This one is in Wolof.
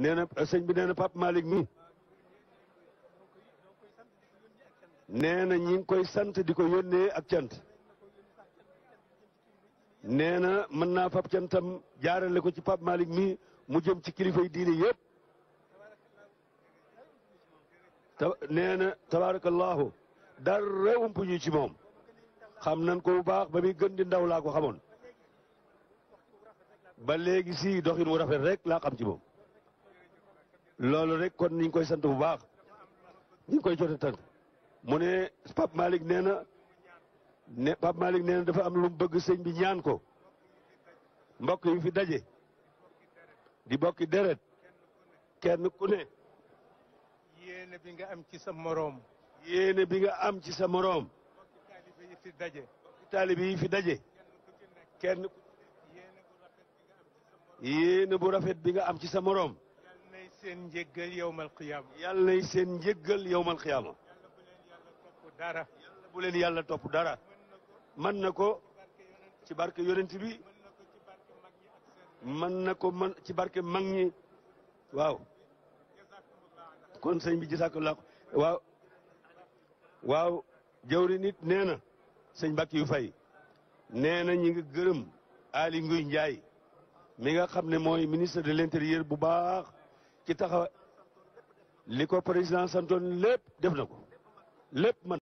nee na sëñ bi nee na Pape mi nee na ñi ngi koy sant di ko yónnee ak cant nee na mën naa fab cantam jaarale ko ci Pape Malick mi mu jëm ci kilifay diine yépp ta na tabaarakallaahu dara umpu ñu ci moom xam nan ko bu baax ba muy gën di ndaw laa ko xamoon ba léegi si doxin wu rafet rek laa xam ci moom loolu rek kon niñ koy sant bu baax ñu koy jot a mu ne Pape Malick nee na ne Pape Malick nee dafa am lu bëgg sëñ bi ñaan ko mbokk yi fi daje di bokki deret kenn ku ne. yéene bi nga am ci sa moroom. yéene bi nga am ci sa moroom. taalibe yi fi daje. fi daje kenn. yéene bu rafet bi nga am ci sa moroom. seen njëggal yowmal qiyaama. yàlla seen njëggal yowmal qiyaama. yàlla bu leen yàlla topp dara. man na ko ci barke yonent bi man na ko mën ci barke man ñi waaw. kon sëñ bi jisaakallah waaw. waaw jawri nit nee na sëñ Bakk yu fay nee na ñi ngi gërëm Aly nguy njaay mi nga xam ne mooy ministre de l'intérieur bu baax ci taxaw li ko président santoon lépp def na ko lépp man